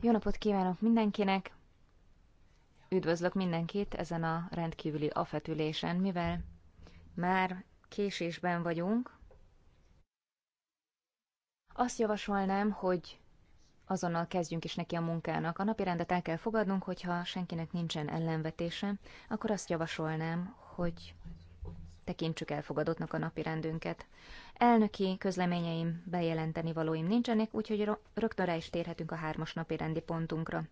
Jó napot kívánok mindenkinek! Üdvözlök mindenkit ezen a rendkívüli afetülésen, mivel már késésben vagyunk. Azt javasolnám, hogy azonnal kezdjünk is neki a munkának. A napi rendet el kell fogadnunk, hogyha senkinek nincsen ellenvetése, akkor azt javasolnám, hogy tekintsük elfogadottnak a napi rendünket. Elnöki közleményeim, bejelenteni valóim nincsenek, úgyhogy rögtön rá is térhetünk a hármas napi rendi pontunkra.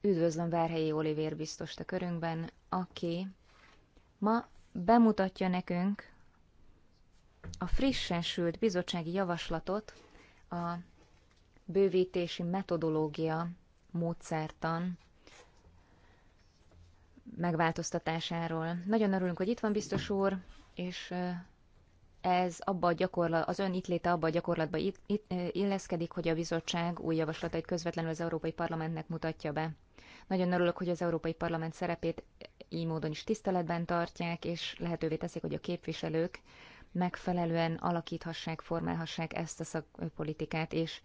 Üdvözlöm Várhelyi Olivér biztos a körünkben, aki ma bemutatja nekünk a frissen sült bizottsági javaslatot a bővítési metodológia módszertan megváltoztatásáról. Nagyon örülünk, hogy itt van biztos úr, és ez abba a gyakorlat, az ön itt léte abba a gyakorlatba itt, itt, illeszkedik, hogy a bizottság új javaslatait közvetlenül az Európai Parlamentnek mutatja be. Nagyon örülök, hogy az Európai Parlament szerepét így módon is tiszteletben tartják, és lehetővé teszik, hogy a képviselők megfelelően alakíthassák, formálhassák ezt a szakpolitikát, és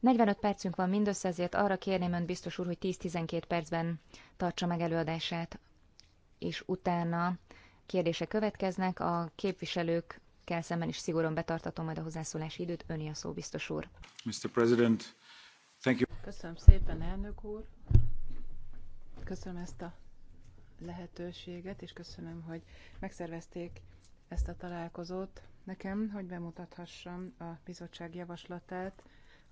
45 percünk van mindössze, ezért arra kérném ön biztos úr, hogy 10-12 percben tartsa meg előadását és utána kérdése következnek. A képviselőkkel szemben is szigorúan betartatom majd a hozzászólási időt. Öni a szó, biztos úr. Mr. President, thank you. Köszönöm szépen, elnök úr. Köszönöm ezt a lehetőséget, és köszönöm, hogy megszervezték ezt a találkozót nekem, hogy bemutathassam a bizottság javaslatát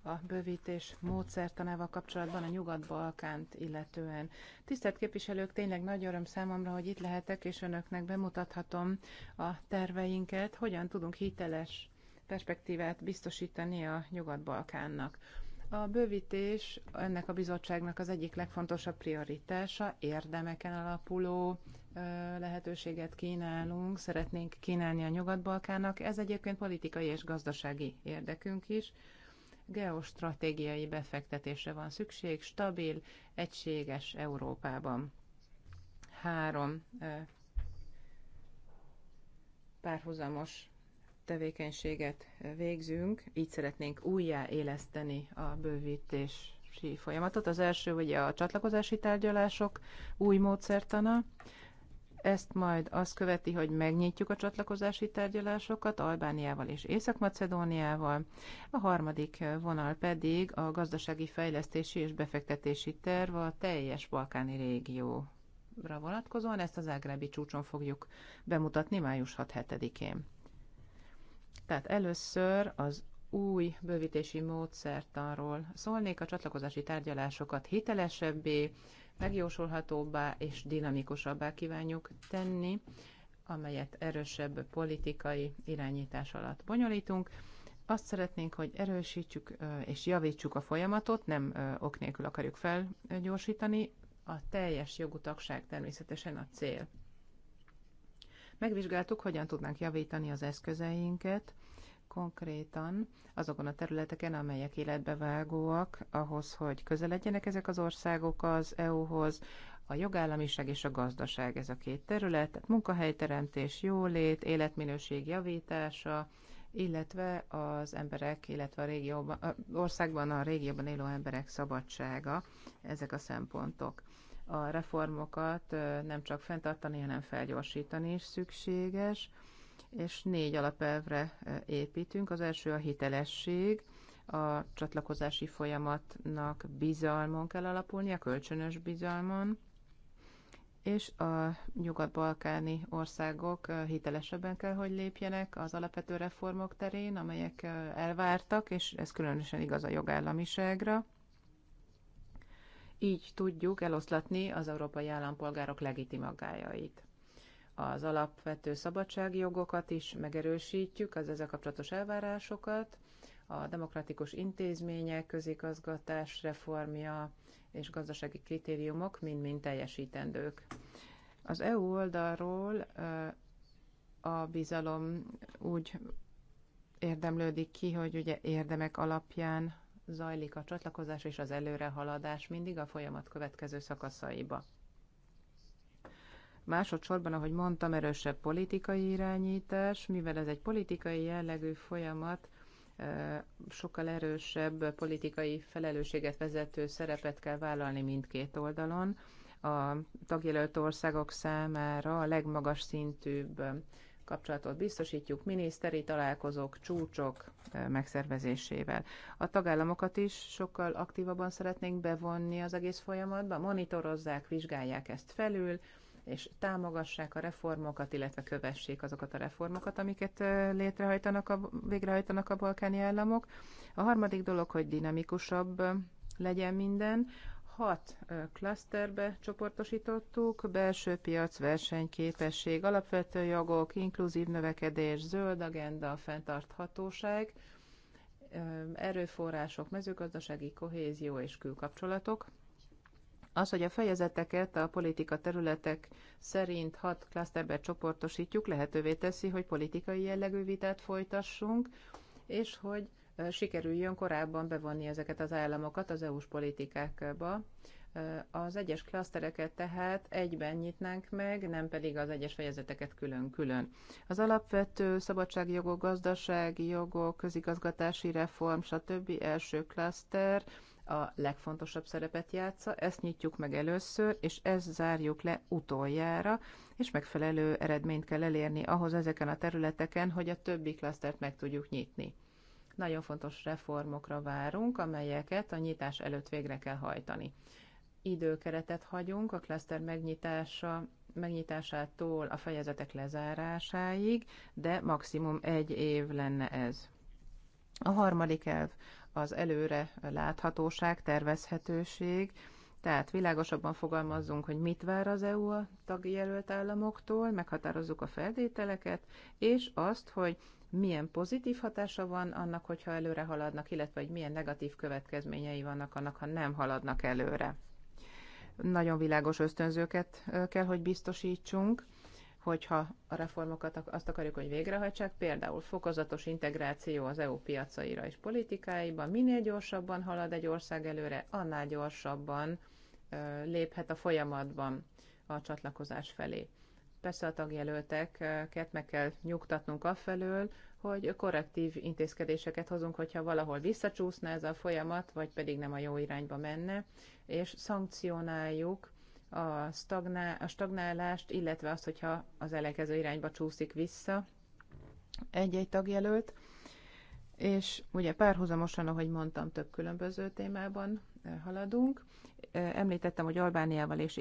a bővítés módszertanával kapcsolatban a Nyugat-Balkánt illetően. Tisztelt képviselők, tényleg nagy öröm számomra, hogy itt lehetek, és önöknek bemutathatom a terveinket, hogyan tudunk hiteles perspektívát biztosítani a Nyugat-Balkánnak. A bővítés ennek a bizottságnak az egyik legfontosabb prioritása, érdemeken alapuló lehetőséget kínálunk, szeretnénk kínálni a Nyugat-Balkának. Ez egyébként politikai és gazdasági érdekünk is geostratégiai befektetésre van szükség stabil, egységes Európában. Három párhuzamos tevékenységet végzünk, így szeretnénk újjáéleszteni a bővítési folyamatot. Az első ugye a csatlakozási tárgyalások új módszertana, ezt majd azt követi, hogy megnyitjuk a csatlakozási tárgyalásokat Albániával és Észak-Macedóniával, a harmadik vonal pedig a gazdasági fejlesztési és befektetési terv a teljes balkáni régióra vonatkozóan. Ezt az ágrábi csúcson fogjuk bemutatni május 6-7-én. Tehát először az új bővítési módszertanról szólnék, a csatlakozási tárgyalásokat hitelesebbé, megjósolhatóbbá és dinamikusabbá kívánjuk tenni, amelyet erősebb politikai irányítás alatt bonyolítunk. Azt szeretnénk, hogy erősítsük és javítsuk a folyamatot, nem ok nélkül akarjuk felgyorsítani. A teljes jogutagság természetesen a cél. Megvizsgáltuk, hogyan tudnánk javítani az eszközeinket, konkrétan azokon a területeken, amelyek életbevágóak ahhoz, hogy közel legyenek ezek az országok az EU-hoz, a jogállamiság és a gazdaság ez a két terület, tehát munkahelyteremtés, jólét, életminőség javítása, illetve az emberek, illetve a régióban, a országban, a régióban élő emberek szabadsága, ezek a szempontok. A reformokat nem csak fenntartani, hanem felgyorsítani is szükséges és négy alapelvre e, építünk. Az első a hitelesség, a csatlakozási folyamatnak bizalmon kell alapulnia, kölcsönös bizalmon, és a nyugat-balkáni országok e, hitelesebben kell, hogy lépjenek az alapvető reformok terén, amelyek e, elvártak, és ez különösen igaz a jogállamiságra. Így tudjuk eloszlatni az európai állampolgárok legitim aggájait az alapvető szabadságjogokat is megerősítjük, az ezzel kapcsolatos elvárásokat, a demokratikus intézmények, közigazgatás reformja és gazdasági kritériumok mind-mind teljesítendők. Az EU oldalról a bizalom úgy érdemlődik ki, hogy ugye érdemek alapján zajlik a csatlakozás és az előrehaladás mindig a folyamat következő szakaszaiba. Másodszorban, ahogy mondtam, erősebb politikai irányítás, mivel ez egy politikai jellegű folyamat, sokkal erősebb politikai felelősséget vezető szerepet kell vállalni mindkét oldalon. A tagjelölt országok számára a legmagas szintűbb kapcsolatot biztosítjuk miniszteri találkozók, csúcsok megszervezésével. A tagállamokat is sokkal aktívabban szeretnénk bevonni az egész folyamatba, monitorozzák, vizsgálják ezt felül, és támogassák a reformokat, illetve kövessék azokat a reformokat, amiket létrehajtanak a, végrehajtanak a balkáni államok. A harmadik dolog, hogy dinamikusabb legyen minden. Hat klaszterbe csoportosítottuk, belső piac, versenyképesség, alapvető jogok, inkluzív növekedés, zöld agenda, fenntarthatóság, erőforrások, mezőgazdasági kohézió és külkapcsolatok. Az, hogy a fejezeteket a politika területek szerint hat klaszterbe csoportosítjuk, lehetővé teszi, hogy politikai jellegű vitát folytassunk, és hogy sikerüljön korábban bevonni ezeket az államokat az EU-s politikákba. Az egyes klasztereket tehát egyben nyitnánk meg, nem pedig az egyes fejezeteket külön-külön. Az alapvető szabadságjogok, gazdasági jogok, közigazgatási reform, stb. első klaszter a legfontosabb szerepet játsza. Ezt nyitjuk meg először, és ezt zárjuk le utoljára, és megfelelő eredményt kell elérni ahhoz ezeken a területeken, hogy a többi klasztert meg tudjuk nyitni. Nagyon fontos reformokra várunk, amelyeket a nyitás előtt végre kell hajtani. Időkeretet hagyunk a klaszter megnyitása megnyitásától a fejezetek lezárásáig, de maximum egy év lenne ez. A harmadik elv az előre láthatóság, tervezhetőség, tehát világosabban fogalmazzunk, hogy mit vár az EU a jelölt államoktól, meghatározzuk a feltételeket, és azt, hogy milyen pozitív hatása van annak, hogyha előre haladnak, illetve hogy milyen negatív következményei vannak annak, ha nem haladnak előre. Nagyon világos ösztönzőket kell, hogy biztosítsunk, hogyha a reformokat azt akarjuk, hogy végrehajtsák, például fokozatos integráció az EU piacaira és politikáiban, minél gyorsabban halad egy ország előre, annál gyorsabban léphet a folyamatban a csatlakozás felé. Persze a tagjelölteket meg kell nyugtatnunk afelől, hogy korrektív intézkedéseket hozunk, hogyha valahol visszacsúszna ez a folyamat, vagy pedig nem a jó irányba menne, és szankcionáljuk a, stagnál, a stagnálást, illetve azt, hogyha az elekező irányba csúszik vissza egy-egy tagjelölt. És ugye párhuzamosan, ahogy mondtam, több különböző témában eh, haladunk, említettem, hogy Albániával és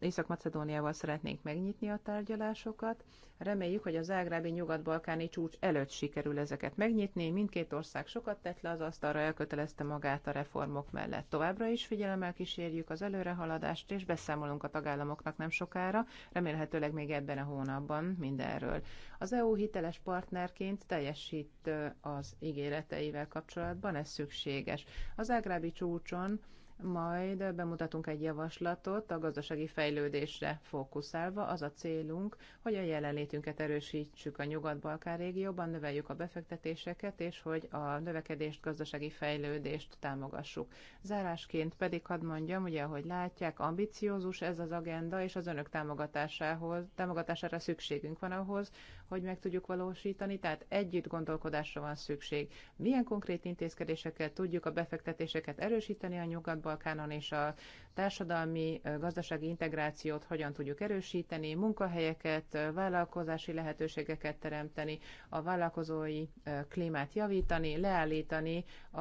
Észak-Macedóniával szeretnénk megnyitni a tárgyalásokat. Reméljük, hogy az ágrábi nyugat-balkáni csúcs előtt sikerül ezeket megnyitni. Mindkét ország sokat tett le az asztalra, elkötelezte magát a reformok mellett. Továbbra is figyelemmel kísérjük az előrehaladást, és beszámolunk a tagállamoknak nem sokára, remélhetőleg még ebben a hónapban mindenről. Az EU hiteles partnerként teljesít az ígéreteivel kapcsolatban, ez szükséges. Az ágrábi csúcson majd bemutatunk egy javaslatot a gazdasági fejlődésre fókuszálva. Az a célunk, hogy a jelenlétünket erősítsük a Nyugat-Balkán régióban, növeljük a befektetéseket, és hogy a növekedést, gazdasági fejlődést támogassuk. Zárásként pedig hadd mondjam, ugye, ahogy látják, ambiciózus ez az agenda, és az önök támogatásához, támogatására szükségünk van ahhoz, hogy meg tudjuk valósítani, tehát együtt gondolkodásra van szükség. Milyen konkrét intézkedésekkel tudjuk a befektetéseket erősíteni a Nyugat-Balkánon, és a társadalmi gazdasági integrációt hogyan tudjuk erősíteni, munkahelyeket, vállalkozási lehetőségeket teremteni, a vállalkozói klímát javítani, leállítani a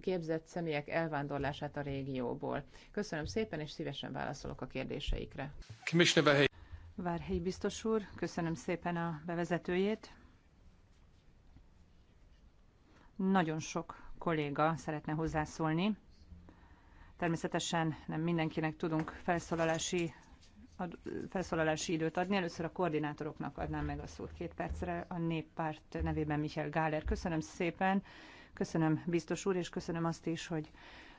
képzett személyek elvándorlását a régióból. Köszönöm szépen, és szívesen válaszolok a kérdéseikre. Várhely biztos úr, köszönöm szépen a bevezetőjét. Nagyon sok kolléga szeretne hozzászólni. Természetesen nem mindenkinek tudunk felszólalási, ad, felszólalási időt adni. Először a koordinátoroknak adnám meg a szót két percre. A néppárt nevében Michael Gáler. Köszönöm szépen, köszönöm biztos úr, és köszönöm azt is, hogy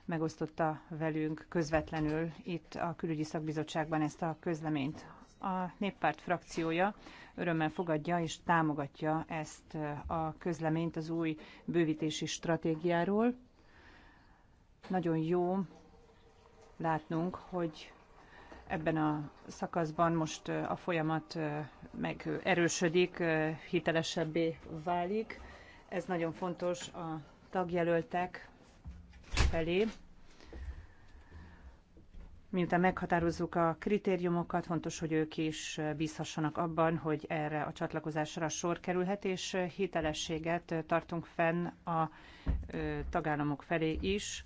megosztotta velünk közvetlenül itt a külügyi szakbizottságban ezt a közleményt a néppárt frakciója örömmel fogadja és támogatja ezt a közleményt az új bővítési stratégiáról. Nagyon jó látnunk, hogy ebben a szakaszban most a folyamat meg erősödik, hitelesebbé válik. Ez nagyon fontos a tagjelöltek felé, miután meghatározzuk a kritériumokat, fontos, hogy ők is bízhassanak abban, hogy erre a csatlakozásra sor kerülhet, és hitelességet tartunk fenn a tagállamok felé is.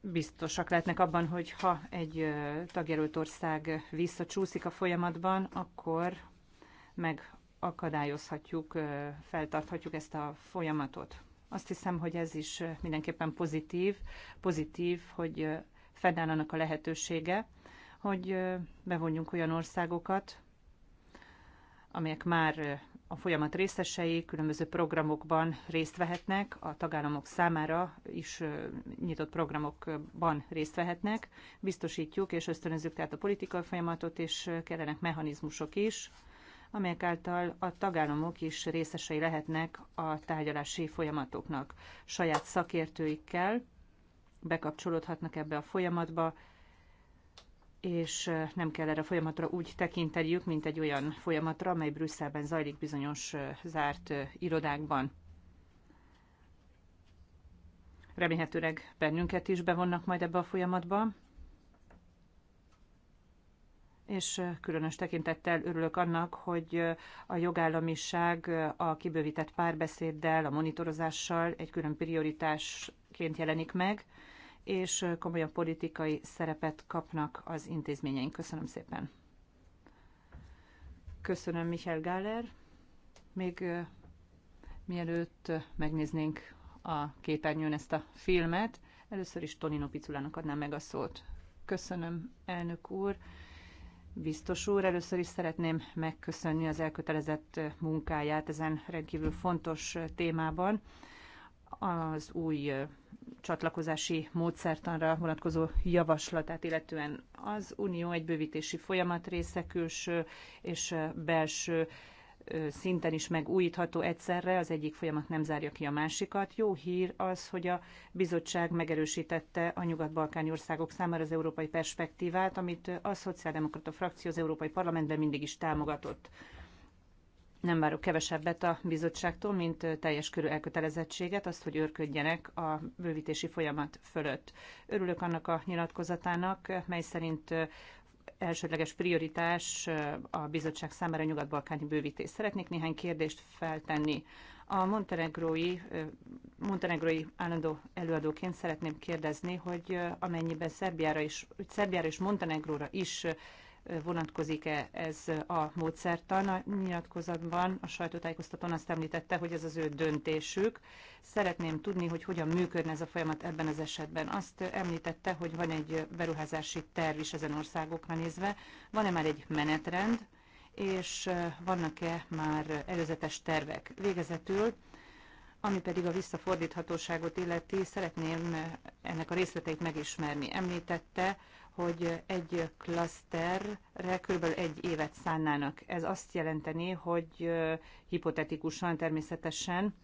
Biztosak lehetnek abban, hogy ha egy tagjelölt ország visszacsúszik a folyamatban, akkor megakadályozhatjuk, feltarthatjuk ezt a folyamatot. Azt hiszem, hogy ez is mindenképpen pozitív, pozitív, hogy fennáll annak a lehetősége, hogy bevonjunk olyan országokat, amelyek már a folyamat részesei, különböző programokban részt vehetnek, a tagállamok számára is nyitott programokban részt vehetnek. Biztosítjuk és ösztönözzük tehát a politikai folyamatot, és kellenek mechanizmusok is, amelyek által a tagállamok is részesei lehetnek a tárgyalási folyamatoknak saját szakértőikkel, bekapcsolódhatnak ebbe a folyamatba, és nem kell erre a folyamatra úgy tekinteniük, mint egy olyan folyamatra, amely Brüsszelben zajlik bizonyos zárt irodákban. Remélhetőleg bennünket is bevonnak majd ebbe a folyamatba, és különös tekintettel örülök annak, hogy a jogállamiság a kibővített párbeszéddel, a monitorozással egy külön prioritásként jelenik meg, és komolyabb politikai szerepet kapnak az intézményeink. Köszönöm szépen. Köszönöm, Michel Gáler. Még mielőtt megnéznénk a képernyőn ezt a filmet, először is Tonino Piculának adnám meg a szót. Köszönöm, elnök úr. Biztos úr, először is szeretném megköszönni az elkötelezett munkáját ezen rendkívül fontos témában. Az új csatlakozási módszertanra vonatkozó javaslatát, illetően az Unió egy bővítési folyamat része külső és belső szinten is megújítható egyszerre, az egyik folyamat nem zárja ki a másikat. Jó hír az, hogy a bizottság megerősítette a nyugat-balkáni országok számára az európai perspektívát, amit a szociáldemokrata frakció az Európai Parlamentben mindig is támogatott nem várok kevesebbet a bizottságtól, mint teljes körű elkötelezettséget, azt, hogy őrködjenek a bővítési folyamat fölött. Örülök annak a nyilatkozatának, mely szerint elsődleges prioritás a bizottság számára nyugat-balkáni bővítés. Szeretnék néhány kérdést feltenni. A montenegrói, montenegrói állandó előadóként szeretném kérdezni, hogy amennyiben Szerbiára is, Szerbiára és Montenegróra is vonatkozik-e ez a módszertan. A nyilatkozatban a sajtótájékoztatón azt említette, hogy ez az ő döntésük. Szeretném tudni, hogy hogyan működne ez a folyamat ebben az esetben. Azt említette, hogy van egy beruházási terv is ezen országokra nézve. Van-e már egy menetrend, és vannak-e már előzetes tervek? Végezetül ami pedig a visszafordíthatóságot illeti, szeretném ennek a részleteit megismerni. Említette hogy egy klaszterre kb. egy évet szánnának. Ez azt jelenteni, hogy hipotetikusan természetesen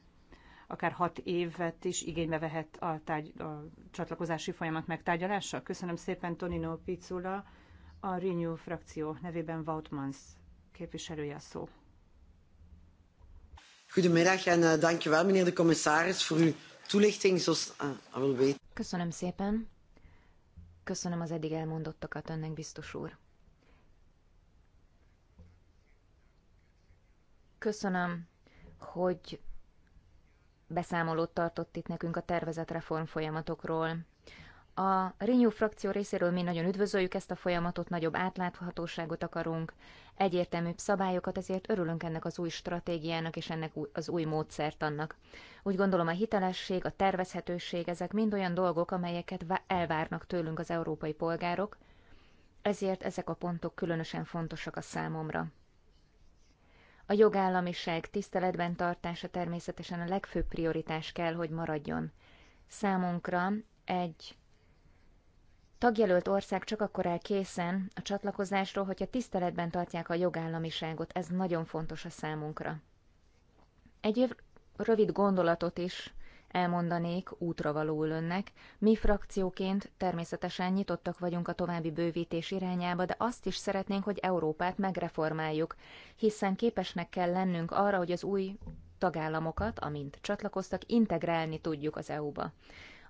akár hat évet is igénybe vehet a, tárgy, a csatlakozási folyamat megtárgyalása. Köszönöm szépen Tonino Picula, a Renew frakció nevében Vautmans képviselője a szó. Goedemiddag en eh, dankjewel meneer de commissaris voor uw toelichting. Zoals, uh, Köszönöm szépen. Köszönöm az eddig elmondottakat önnek, biztos úr. Köszönöm, hogy beszámolót tartott itt nekünk a tervezett reform folyamatokról, a Renew frakció részéről mi nagyon üdvözöljük ezt a folyamatot, nagyobb átláthatóságot akarunk, egyértelműbb szabályokat, ezért örülünk ennek az új stratégiának és ennek az új módszertannak. Úgy gondolom a hitelesség, a tervezhetőség, ezek mind olyan dolgok, amelyeket elvárnak tőlünk az európai polgárok, ezért ezek a pontok különösen fontosak a számomra. A jogállamiság tiszteletben tartása természetesen a legfőbb prioritás kell, hogy maradjon. Számunkra egy tagjelölt ország csak akkor áll készen a csatlakozásról, hogyha tiszteletben tartják a jogállamiságot. Ez nagyon fontos a számunkra. Egy rövid gondolatot is elmondanék útra való önnek. Mi frakcióként természetesen nyitottak vagyunk a további bővítés irányába, de azt is szeretnénk, hogy Európát megreformáljuk, hiszen képesnek kell lennünk arra, hogy az új tagállamokat, amint csatlakoztak, integrálni tudjuk az EU-ba.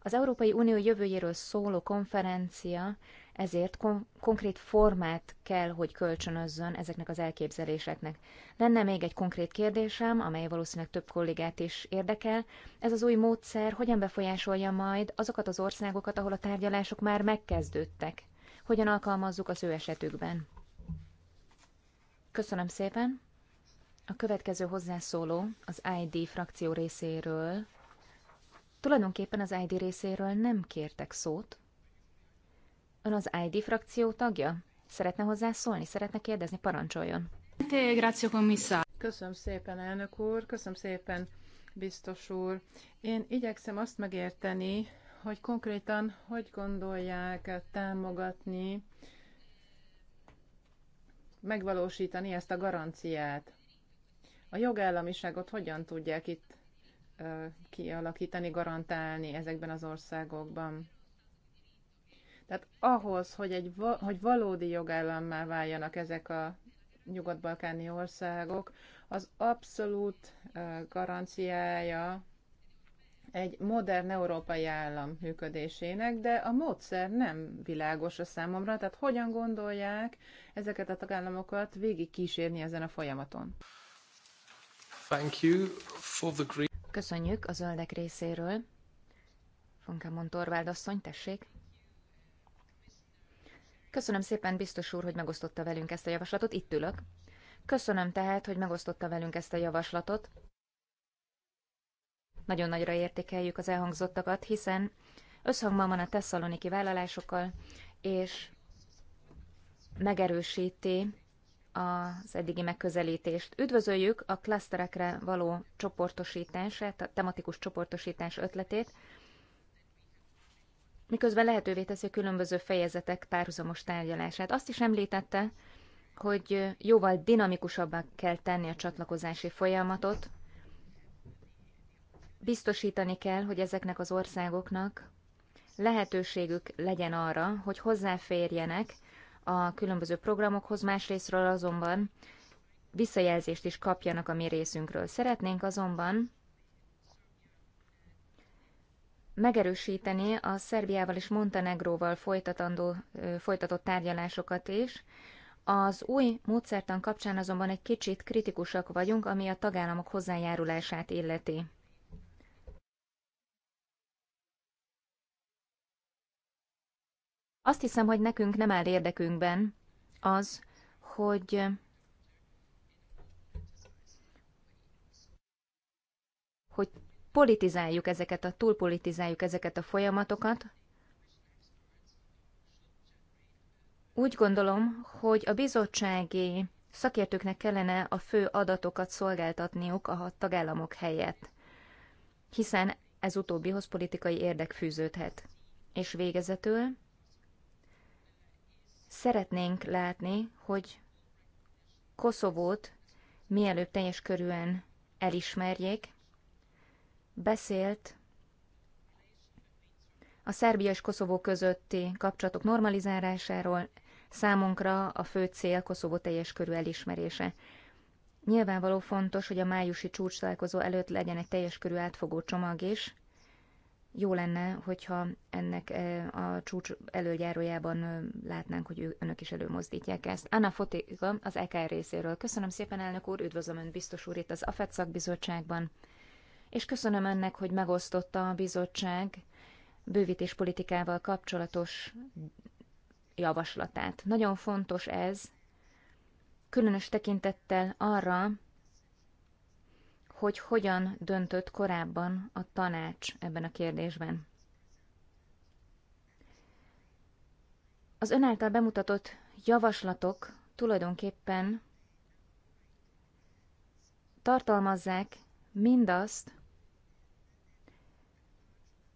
Az Európai Unió jövőjéről szóló konferencia ezért kon- konkrét formát kell, hogy kölcsönözzön ezeknek az elképzeléseknek. Lenne még egy konkrét kérdésem, amely valószínűleg több kollégát is érdekel. Ez az új módszer hogyan befolyásolja majd azokat az országokat, ahol a tárgyalások már megkezdődtek? Hogyan alkalmazzuk az ő esetükben? Köszönöm szépen! A következő hozzászóló az ID frakció részéről Tulajdonképpen az ID részéről nem kértek szót. Ön az ID frakció tagja? Szeretne szólni, Szeretne kérdezni? Parancsoljon. Köszönöm szépen, elnök úr. Köszönöm szépen, biztos úr. Én igyekszem azt megérteni, hogy konkrétan hogy gondolják támogatni, megvalósítani ezt a garanciát. A jogállamiságot hogyan tudják itt kialakítani, garantálni ezekben az országokban. Tehát ahhoz, hogy, egy, hogy valódi jogállammá váljanak ezek a nyugat-balkáni országok, az abszolút garanciája egy modern európai állam működésének, de a módszer nem világos a számomra, tehát hogyan gondolják ezeket a tagállamokat végig kísérni ezen a folyamaton. Thank you for the green... Köszönjük a zöldek részéről. Fonkamon Torváld asszony, tessék. Köszönöm szépen, biztos úr, hogy megosztotta velünk ezt a javaslatot. Itt ülök. Köszönöm tehát, hogy megosztotta velünk ezt a javaslatot. Nagyon nagyra értékeljük az elhangzottakat, hiszen összhangban van a tesszaloniki vállalásokkal, és megerősíti az eddigi megközelítést. Üdvözöljük a klaszterekre való csoportosítását, a tematikus csoportosítás ötletét, miközben lehetővé teszi a különböző fejezetek párhuzamos tárgyalását. Azt is említette, hogy jóval dinamikusabbá kell tenni a csatlakozási folyamatot, biztosítani kell, hogy ezeknek az országoknak lehetőségük legyen arra, hogy hozzáférjenek a különböző programokhoz, másrésztről azonban visszajelzést is kapjanak a mi részünkről. Szeretnénk azonban megerősíteni a Szerbiával és Montenegróval folytatandó, folytatott tárgyalásokat is. Az új módszertan kapcsán azonban egy kicsit kritikusak vagyunk, ami a tagállamok hozzájárulását illeti. Azt hiszem, hogy nekünk nem áll érdekünkben az, hogy hogy politizáljuk ezeket a, túlpolitizáljuk ezeket a folyamatokat. Úgy gondolom, hogy a bizottsági szakértőknek kellene a fő adatokat szolgáltatniuk a tagállamok helyett, hiszen ez utóbbihoz politikai érdek fűződhet. És végezetül Szeretnénk látni, hogy Koszovót mielőbb teljes körűen elismerjék. Beszélt a Szerbia és Koszovó közötti kapcsolatok normalizálásáról, számunkra a fő cél Koszovó teljes körű elismerése. Nyilvánvaló fontos, hogy a májusi csúcs találkozó előtt legyen egy teljes körű átfogó csomag is, jó lenne, hogyha ennek e, a csúcs előjárójában látnánk, hogy önök is előmozdítják ezt. Anna Fotika, az EKR részéről. Köszönöm szépen, elnök úr, üdvözlöm ön biztos úr itt az AFET szakbizottságban, és köszönöm önnek, hogy megosztotta a bizottság politikával kapcsolatos javaslatát. Nagyon fontos ez, különös tekintettel arra, hogy hogyan döntött korábban a tanács ebben a kérdésben. Az ön által bemutatott javaslatok tulajdonképpen tartalmazzák mindazt,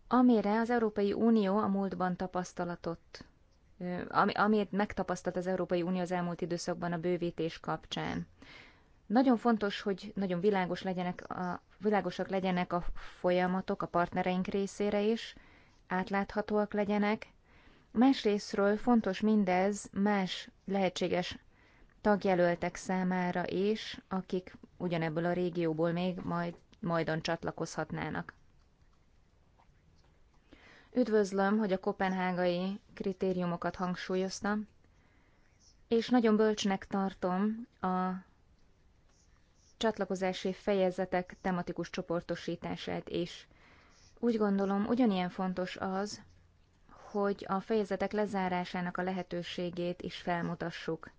amire az Európai Unió a múltban tapasztalatot, amit megtapasztalt az Európai Unió az elmúlt időszakban a bővítés kapcsán. Nagyon fontos, hogy nagyon világos legyenek a, világosak legyenek a folyamatok a partnereink részére is, átláthatóak legyenek. Másrésztről fontos mindez más lehetséges tagjelöltek számára is, akik ugyanebből a régióból még majd, majdon csatlakozhatnának. Üdvözlöm, hogy a kopenhágai kritériumokat hangsúlyoztam, és nagyon bölcsnek tartom a csatlakozási fejezetek tematikus csoportosítását is. Úgy gondolom, ugyanilyen fontos az, hogy a fejezetek lezárásának a lehetőségét is felmutassuk.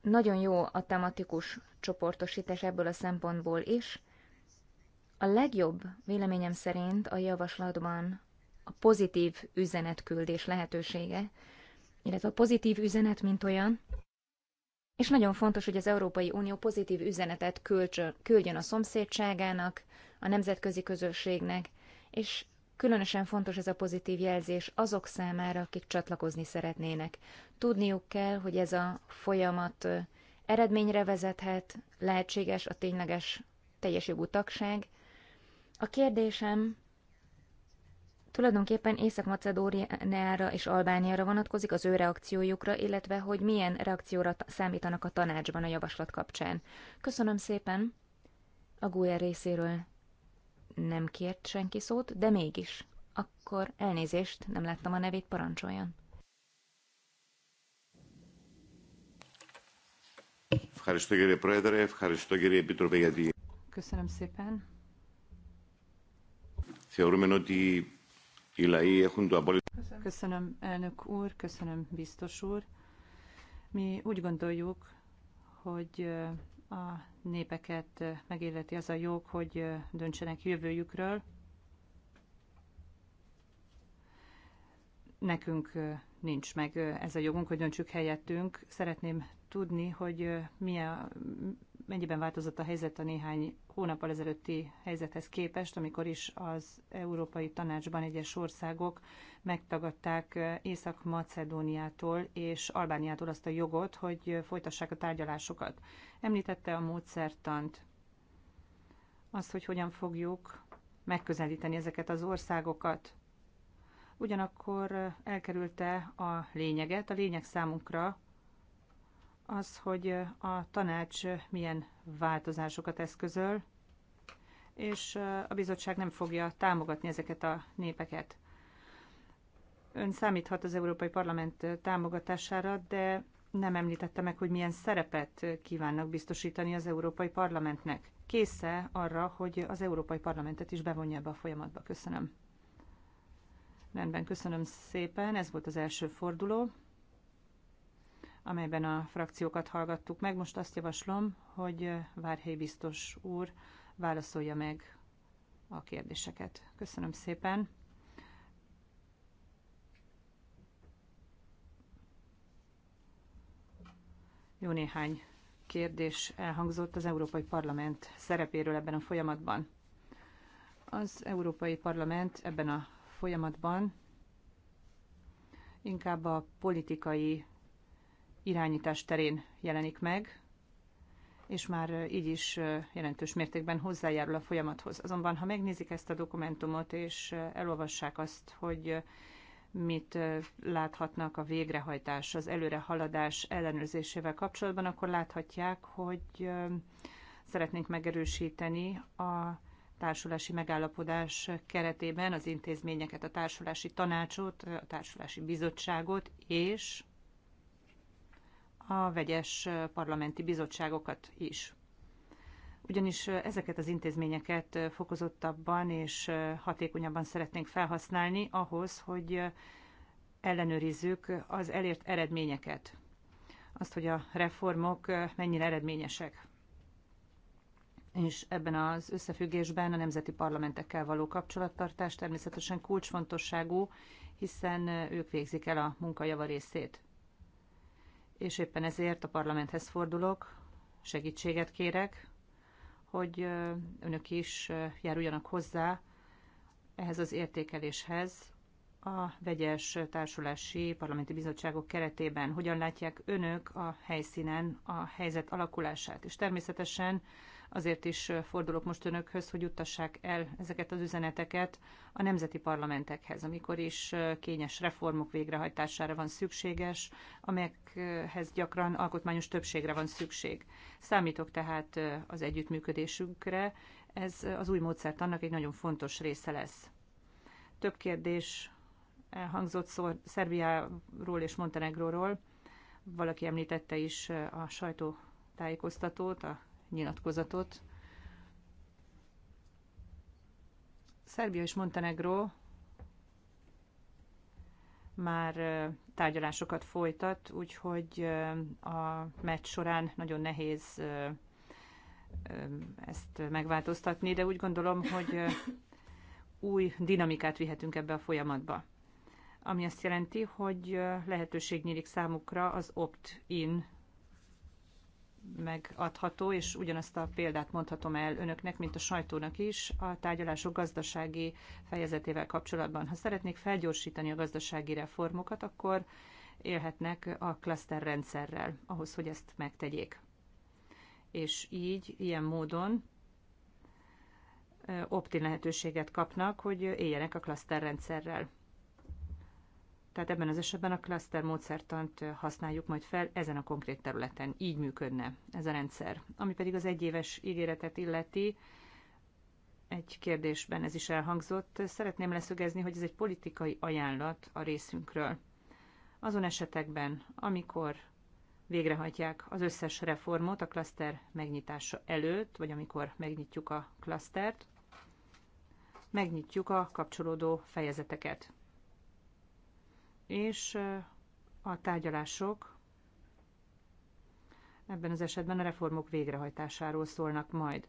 Nagyon jó a tematikus csoportosítás ebből a szempontból is. A legjobb, véleményem szerint a javaslatban a pozitív üzenetküldés lehetősége, illetve a pozitív üzenet, mint olyan, és nagyon fontos, hogy az Európai Unió pozitív üzenetet küldjön, a szomszédságának, a nemzetközi közösségnek, és különösen fontos ez a pozitív jelzés azok számára, akik csatlakozni szeretnének. Tudniuk kell, hogy ez a folyamat eredményre vezethet, lehetséges a tényleges teljes jogú tagság. A kérdésem tulajdonképpen Észak-Macedóniára és Albániára vonatkozik az ő reakciójukra, illetve hogy milyen reakcióra számítanak a tanácsban a javaslat kapcsán. Köszönöm szépen! A GUER részéről nem kért senki szót, de mégis. Akkor elnézést, nem láttam a nevét, parancsoljon. Köszönöm szépen. Köszönöm, elnök úr, köszönöm, biztos úr. Mi úgy gondoljuk, hogy a népeket megilleti az a jog, hogy döntsenek jövőjükről. Nekünk nincs meg ez a jogunk, hogy döntsük helyettünk. Szeretném tudni, hogy milyen mennyiben változott a helyzet a néhány hónappal ezelőtti helyzethez képest, amikor is az Európai Tanácsban egyes országok megtagadták Észak-Macedóniától és Albániától azt a jogot, hogy folytassák a tárgyalásokat. Említette a módszertant, azt, hogy hogyan fogjuk megközelíteni ezeket az országokat. Ugyanakkor elkerülte a lényeget. A lényeg számunkra az, hogy a tanács milyen változásokat eszközöl, és a bizottság nem fogja támogatni ezeket a népeket. Ön számíthat az Európai Parlament támogatására, de nem említette meg, hogy milyen szerepet kívánnak biztosítani az Európai Parlamentnek. Késze arra, hogy az Európai Parlamentet is bevonja ebbe a folyamatba? Köszönöm. Rendben, köszönöm szépen. Ez volt az első forduló amelyben a frakciókat hallgattuk meg. Most azt javaslom, hogy Várhely biztos úr válaszolja meg a kérdéseket. Köszönöm szépen. Jó néhány kérdés elhangzott az Európai Parlament szerepéről ebben a folyamatban. Az Európai Parlament ebben a folyamatban inkább a politikai irányítás terén jelenik meg, és már így is jelentős mértékben hozzájárul a folyamathoz. Azonban, ha megnézik ezt a dokumentumot, és elolvassák azt, hogy mit láthatnak a végrehajtás, az előrehaladás ellenőrzésével kapcsolatban, akkor láthatják, hogy szeretnénk megerősíteni a társulási megállapodás keretében az intézményeket, a társulási tanácsot, a társulási bizottságot és a vegyes parlamenti bizottságokat is. Ugyanis ezeket az intézményeket fokozottabban és hatékonyabban szeretnénk felhasználni ahhoz, hogy ellenőrizzük az elért eredményeket, azt, hogy a reformok mennyire eredményesek. És ebben az összefüggésben a nemzeti parlamentekkel való kapcsolattartás természetesen kulcsfontosságú, hiszen ők végzik el a munkajava részét és éppen ezért a parlamenthez fordulok, segítséget kérek, hogy önök is járuljanak hozzá ehhez az értékeléshez a vegyes társulási parlamenti bizottságok keretében. Hogyan látják önök a helyszínen a helyzet alakulását? És természetesen Azért is fordulok most önökhöz, hogy juttassák el ezeket az üzeneteket a nemzeti parlamentekhez, amikor is kényes reformok végrehajtására van szükséges, amelyekhez gyakran alkotmányos többségre van szükség. Számítok tehát az együttműködésünkre, ez az új módszert annak egy nagyon fontos része lesz. Több kérdés elhangzott szó Szerbiáról és Montenegróról. Valaki említette is a sajtótájékoztatót, a nyilatkozatot. Szerbia és Montenegro már tárgyalásokat folytat, úgyhogy a meccs során nagyon nehéz ezt megváltoztatni, de úgy gondolom, hogy új dinamikát vihetünk ebbe a folyamatba. Ami azt jelenti, hogy lehetőség nyílik számukra az opt-in megadható, és ugyanazt a példát mondhatom el önöknek, mint a sajtónak is a tárgyalások gazdasági fejezetével kapcsolatban. Ha szeretnék felgyorsítani a gazdasági reformokat, akkor élhetnek a rendszerrel, ahhoz, hogy ezt megtegyék. És így, ilyen módon optin lehetőséget kapnak, hogy éljenek a klaszterrendszerrel. Tehát ebben az esetben a cluster módszertant használjuk majd fel ezen a konkrét területen. Így működne ez a rendszer. Ami pedig az egyéves ígéretet illeti, egy kérdésben ez is elhangzott. Szeretném leszögezni, hogy ez egy politikai ajánlat a részünkről. Azon esetekben, amikor végrehajtják az összes reformot a klaszter megnyitása előtt, vagy amikor megnyitjuk a klasztert, megnyitjuk a kapcsolódó fejezeteket és a tárgyalások ebben az esetben a reformok végrehajtásáról szólnak majd.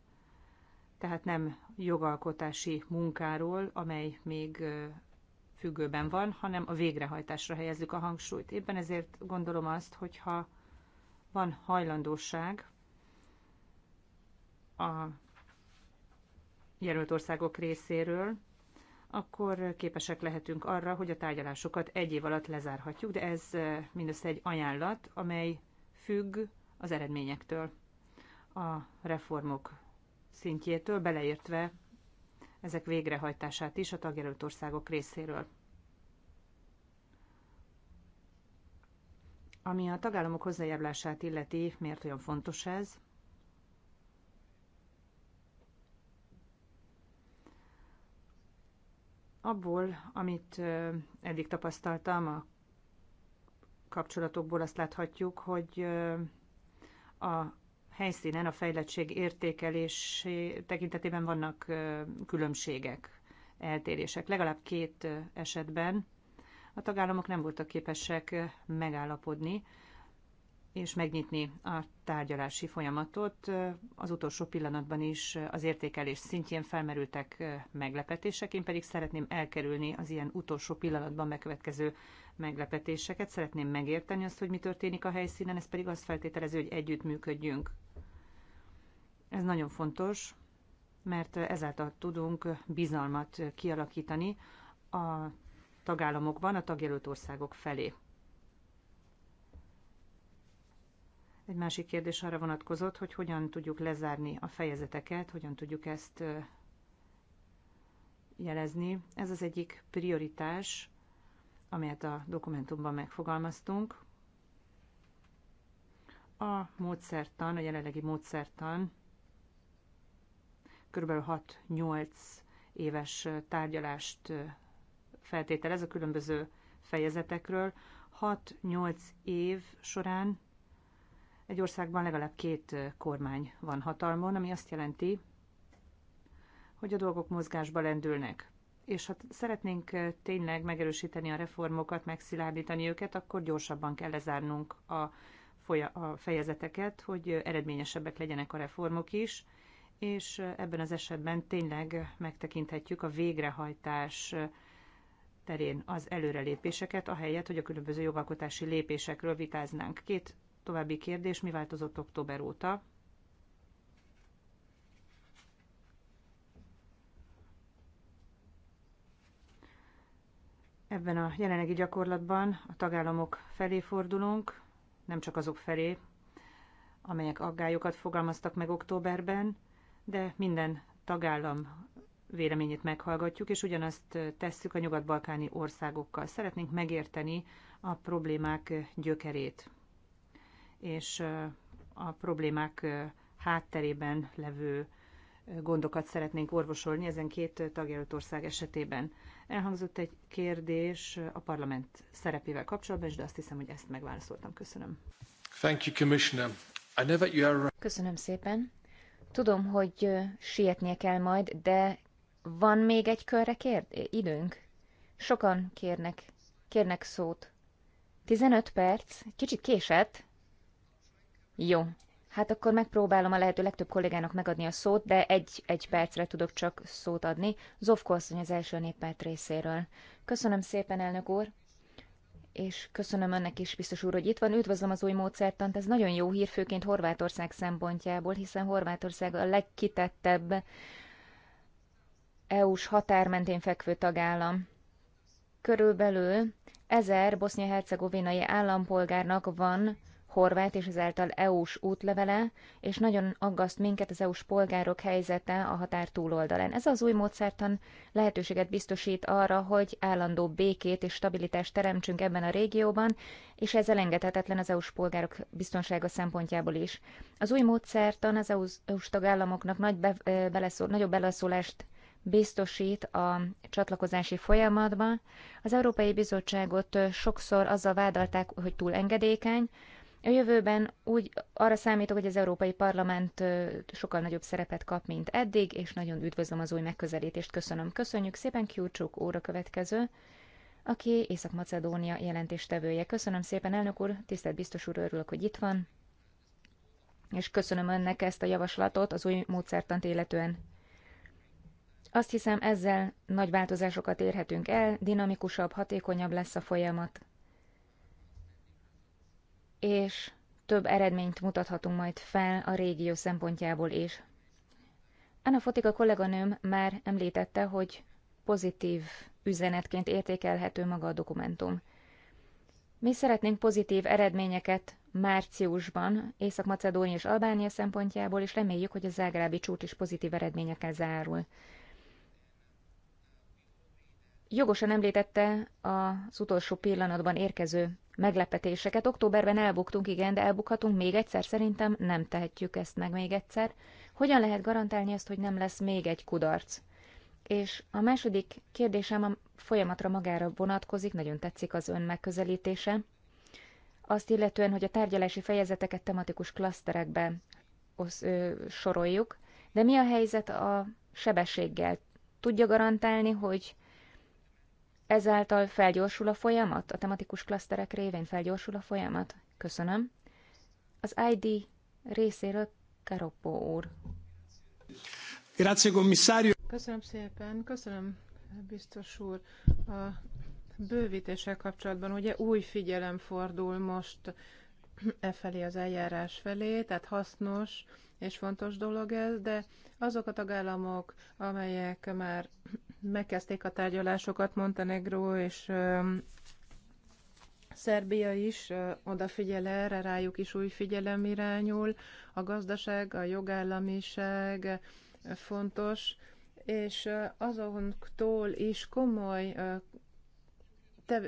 Tehát nem jogalkotási munkáról, amely még függőben van, hanem a végrehajtásra helyezzük a hangsúlyt. Éppen ezért gondolom azt, hogyha van hajlandóság a jelölt országok részéről, akkor képesek lehetünk arra, hogy a tárgyalásokat egy év alatt lezárhatjuk, de ez eh, mindössze egy ajánlat, amely függ az eredményektől, a reformok szintjétől, beleértve ezek végrehajtását is a tagjelölt országok részéről. Ami a tagállamok hozzájárulását illeti, miért olyan fontos ez? Abból, amit eddig tapasztaltam a kapcsolatokból, azt láthatjuk, hogy a helyszínen a fejlettség értékelés tekintetében vannak különbségek, eltérések. Legalább két esetben a tagállamok nem voltak képesek megállapodni és megnyitni a tárgyalási folyamatot. Az utolsó pillanatban is az értékelés szintjén felmerültek meglepetések, én pedig szeretném elkerülni az ilyen utolsó pillanatban megkövetkező meglepetéseket. Szeretném megérteni azt, hogy mi történik a helyszínen, ez pedig azt feltételező, hogy együttműködjünk. Ez nagyon fontos, mert ezáltal tudunk bizalmat kialakítani a tagállamokban, a tagjelölt országok felé. Egy másik kérdés arra vonatkozott, hogy hogyan tudjuk lezárni a fejezeteket, hogyan tudjuk ezt jelezni. Ez az egyik prioritás, amelyet a dokumentumban megfogalmaztunk. A módszertan, a jelenlegi módszertan kb. 6-8 éves tárgyalást feltételez a különböző fejezetekről. 6-8 év során egy országban legalább két kormány van hatalmon, ami azt jelenti, hogy a dolgok mozgásba lendülnek. És ha szeretnénk tényleg megerősíteni a reformokat, megszilárdítani őket, akkor gyorsabban kell lezárnunk a, folya- a fejezeteket, hogy eredményesebbek legyenek a reformok is, és ebben az esetben tényleg megtekinthetjük a végrehajtás terén az előrelépéseket, ahelyett, hogy a különböző jogalkotási lépésekről vitáznánk. Két További kérdés, mi változott október óta? Ebben a jelenlegi gyakorlatban a tagállamok felé fordulunk, nem csak azok felé, amelyek aggályokat fogalmaztak meg októberben, de minden tagállam véleményét meghallgatjuk, és ugyanazt tesszük a nyugat-balkáni országokkal. Szeretnénk megérteni a problémák gyökerét és a problémák hátterében levő gondokat szeretnénk orvosolni ezen két tagjelölt ország esetében. Elhangzott egy kérdés a parlament szerepével kapcsolatban, és de azt hiszem, hogy ezt megválaszoltam. Köszönöm. Thank you, Commissioner. I know that you are... Köszönöm szépen. Tudom, hogy sietnie kell majd, de van még egy körre kérd időnk? Sokan kérnek, kérnek szót. 15 perc, kicsit késett, jó. Hát akkor megpróbálom a lehető legtöbb kollégának megadni a szót, de egy, egy percre tudok csak szót adni. Zovko asszony az első néppárt részéről. Köszönöm szépen, elnök úr, és köszönöm önnek is, biztos úr, hogy itt van. Üdvözlöm az új módszertant, ez nagyon jó hír, főként Horvátország szempontjából, hiszen Horvátország a legkitettebb EU-s határ mentén fekvő tagállam. Körülbelül ezer bosznia-hercegovinai állampolgárnak van horvát és ezáltal EU-s útlevele, és nagyon aggaszt minket az EU-s polgárok helyzete a határ túloldalán. Ez az új módszertan lehetőséget biztosít arra, hogy állandó békét és stabilitást teremtsünk ebben a régióban, és ez elengedhetetlen az EU-s polgárok biztonsága szempontjából is. Az új módszertan az EU-s e tagállamoknak nagy be, beleszól, nagyobb beleszólást biztosít a csatlakozási folyamatban. Az Európai Bizottságot sokszor azzal vádalták, hogy túl engedékeny, a jövőben úgy arra számítok, hogy az Európai Parlament sokkal nagyobb szerepet kap, mint eddig, és nagyon üdvözlöm az új megközelítést. Köszönöm. Köszönjük szépen, Kiúcsuk óra következő, aki Észak-Macedónia jelentéstevője. Köszönöm szépen, elnök úr, tisztelt biztos úr, örülök, hogy itt van, és köszönöm önnek ezt a javaslatot az új módszertant illetően. Azt hiszem, ezzel nagy változásokat érhetünk el, dinamikusabb, hatékonyabb lesz a folyamat és több eredményt mutathatunk majd fel a régió szempontjából is. Anna Fotika kolléganőm már említette, hogy pozitív üzenetként értékelhető maga a dokumentum. Mi szeretnénk pozitív eredményeket márciusban Észak-Macedónia és Albánia szempontjából, és reméljük, hogy a zágrábi csúcs is pozitív eredményekkel zárul. Jogosan említette az utolsó pillanatban érkező meglepetéseket. Októberben elbuktunk, igen, de elbukhatunk még egyszer, szerintem nem tehetjük ezt meg még egyszer. Hogyan lehet garantálni azt, hogy nem lesz még egy kudarc? És a második kérdésem a folyamatra magára vonatkozik, nagyon tetszik az ön megközelítése. Azt illetően, hogy a tárgyalási fejezeteket tematikus klaszterekbe osz, ö, soroljuk, de mi a helyzet a sebességgel? Tudja garantálni, hogy Ezáltal felgyorsul a folyamat? A tematikus klaszterek révén felgyorsul a folyamat? Köszönöm. Az ID részéről Karoppó úr. Grazie, commissario. Köszönöm szépen, köszönöm, biztos úr. A bővítéssel kapcsolatban ugye új figyelem fordul most e felé az eljárás felé, tehát hasznos és fontos dolog ez, de azok a tagállamok, amelyek már megkezdték a tárgyalásokat Montenegró és Szerbia is odafigyel erre, rájuk is új figyelem irányul. A gazdaság, a jogállamiság fontos, és azoktól is komoly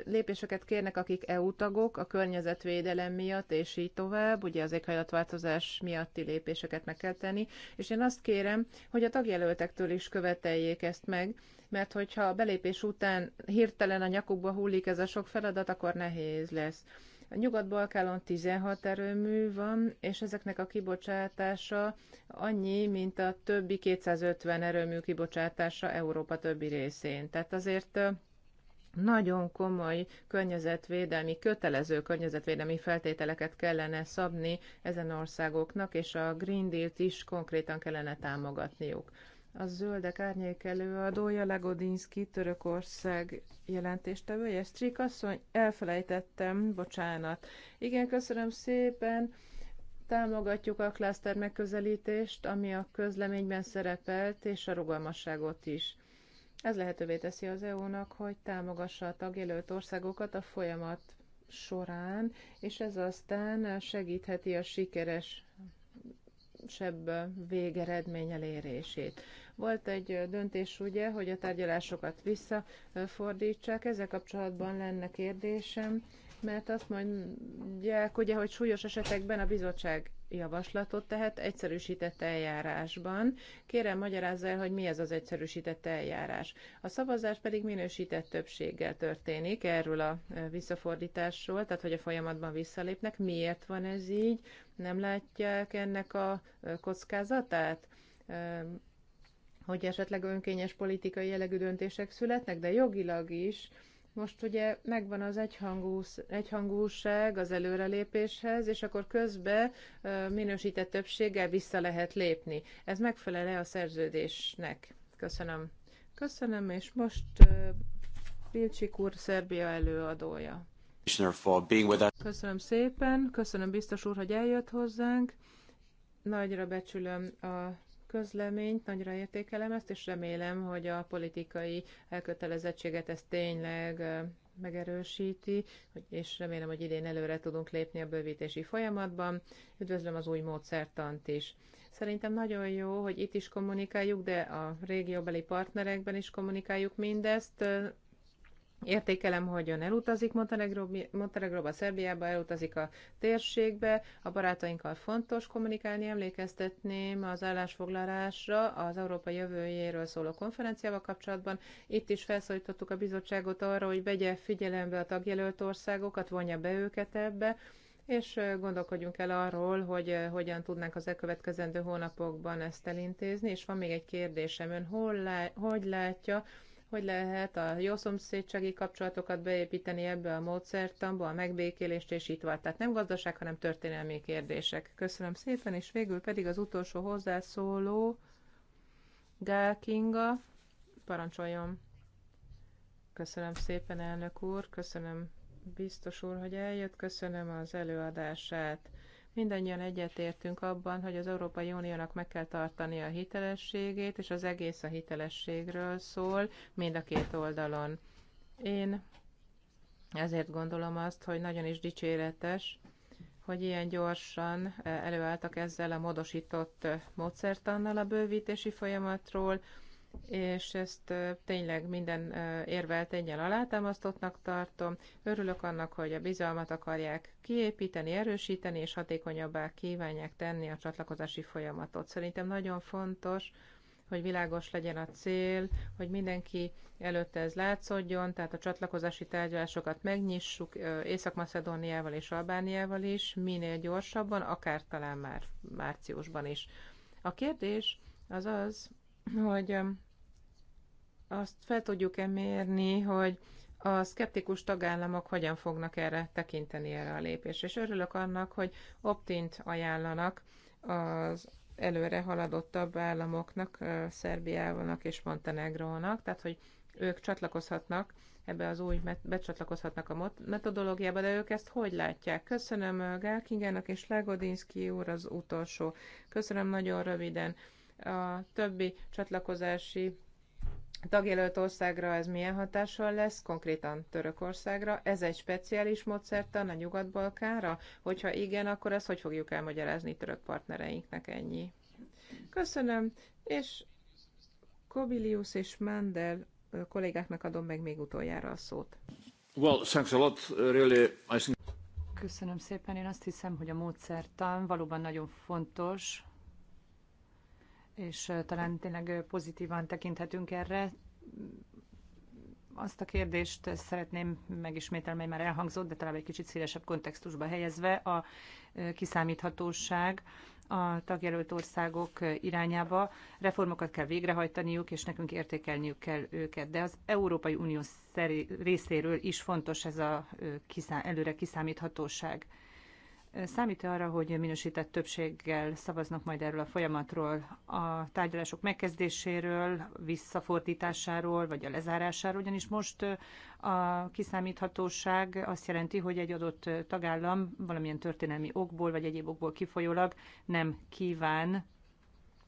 lépéseket kérnek, akik EU tagok a környezetvédelem miatt, és így tovább, ugye az éghajlatváltozás miatti lépéseket meg kell tenni, és én azt kérem, hogy a tagjelöltektől is követeljék ezt meg, mert hogyha a belépés után hirtelen a nyakukba hullik ez a sok feladat, akkor nehéz lesz. A Nyugat-Balkálon 16 erőmű van, és ezeknek a kibocsátása annyi, mint a többi 250 erőmű kibocsátása Európa többi részén. Tehát azért nagyon komoly környezetvédelmi, kötelező környezetvédelmi feltételeket kellene szabni ezen országoknak, és a Green Deal-t is konkrétan kellene támogatniuk a zöldek árnyék előadója Legodinski Törökország jelentéstevője. Strik asszony, elfelejtettem, bocsánat. Igen, köszönöm szépen. Támogatjuk a klaszter megközelítést, ami a közleményben szerepelt, és a rugalmasságot is. Ez lehetővé teszi az EU-nak, hogy támogassa a tagjelölt országokat a folyamat során, és ez aztán segítheti a sikeres sebb végeredmény elérését. Volt egy döntés ugye, hogy a tárgyalásokat visszafordítsák, ezzel kapcsolatban lenne kérdésem, mert azt mondják ugye, hogy súlyos esetekben a bizottság javaslatot tehet egyszerűsített eljárásban. Kérem, magyarázza el, hogy mi ez az egyszerűsített eljárás. A szavazás pedig minősített többséggel történik erről a visszafordításról, tehát hogy a folyamatban visszalépnek. Miért van ez így? nem látják ennek a kockázatát? hogy esetleg önkényes politikai jellegű döntések születnek, de jogilag is. Most ugye megvan az egyhangús, egyhangúság az előrelépéshez, és akkor közben minősített többséggel vissza lehet lépni. Ez megfelele a szerződésnek. Köszönöm. Köszönöm, és most Bilcsik úr Szerbia előadója. Köszönöm szépen, köszönöm biztos úr, hogy eljött hozzánk. Nagyra becsülöm a közleményt, nagyra értékelem ezt, és remélem, hogy a politikai elkötelezettséget ez tényleg megerősíti, és remélem, hogy idén előre tudunk lépni a bővítési folyamatban. Üdvözlöm az új módszertant is. Szerintem nagyon jó, hogy itt is kommunikáljuk, de a régióbeli partnerekben is kommunikáljuk mindezt. Értékelem, hogy ön elutazik Montenegróba, Szerbiába, elutazik a térségbe. A barátainkkal fontos kommunikálni, emlékeztetném az állásfoglalásra az Európa jövőjéről szóló konferenciával kapcsolatban. Itt is felszólítottuk a bizottságot arra, hogy vegye figyelembe a tagjelölt országokat, vonja be őket ebbe, és gondolkodjunk el arról, hogy hogyan tudnánk az elkövetkezendő hónapokban ezt elintézni. És van még egy kérdésem, ön hol lá- hogy látja, hogy lehet a jó szomszédsági kapcsolatokat beépíteni ebbe a módszertamba, a megbékélést és itt tovább. Tehát nem gazdaság, hanem történelmi kérdések. Köszönöm szépen, és végül pedig az utolsó hozzászóló, Gál Kinga, parancsoljon. Köszönöm szépen, elnök úr, köszönöm biztos úr, hogy eljött, köszönöm az előadását. Mindannyian egyetértünk abban, hogy az Európai Uniónak meg kell tartani a hitelességét, és az egész a hitelességről szól, mind a két oldalon. Én ezért gondolom azt, hogy nagyon is dicséretes, hogy ilyen gyorsan eh, előálltak ezzel a módosított eh, módszertannal a bővítési folyamatról, és ezt tényleg minden érvel tényel alátámasztottnak tartom. Örülök annak, hogy a bizalmat akarják kiépíteni, erősíteni, és hatékonyabbá kívánják tenni a csatlakozási folyamatot. Szerintem nagyon fontos, hogy világos legyen a cél, hogy mindenki előtte ez látszódjon, tehát a csatlakozási tárgyalásokat megnyissuk Észak-Macedóniával és Albániával is, minél gyorsabban, akár talán már márciusban is. A kérdés az az, hogy azt fel tudjuk-e mérni, hogy a szkeptikus tagállamok hogyan fognak erre tekinteni erre a lépésre. És örülök annak, hogy optint ajánlanak az előre haladottabb államoknak, Szerbiának és Montenegrónak, tehát hogy ők csatlakozhatnak ebbe az új, becsatlakozhatnak a metodológiába, de ők ezt hogy látják? Köszönöm Gálkingának és Legodinszki úr az utolsó. Köszönöm nagyon röviden. A többi csatlakozási tagjelölt országra ez milyen hatással lesz, konkrétan Törökországra? Ez egy speciális módszertan a Nyugat-Balkánra? Hogyha igen, akkor ezt hogy fogjuk elmagyarázni török partnereinknek ennyi? Köszönöm, és Kobilius és Mandel kollégáknak adom meg még utoljára a szót. Well, thanks a lot, really. I think... Köszönöm szépen. Én azt hiszem, hogy a módszertan valóban nagyon fontos, és talán tényleg pozitívan tekinthetünk erre. Azt a kérdést szeretném megismételni, mely már elhangzott, de talán egy kicsit szélesebb kontextusba helyezve. A kiszámíthatóság a tagjelölt országok irányába. Reformokat kell végrehajtaniuk, és nekünk értékelniük kell őket. De az Európai Unió részéről is fontos ez a előre kiszámíthatóság Számít -e arra, hogy minősített többséggel szavaznak majd erről a folyamatról, a tárgyalások megkezdéséről, visszafordításáról, vagy a lezárásáról, ugyanis most a kiszámíthatóság azt jelenti, hogy egy adott tagállam valamilyen történelmi okból, vagy egyéb okból kifolyólag nem kíván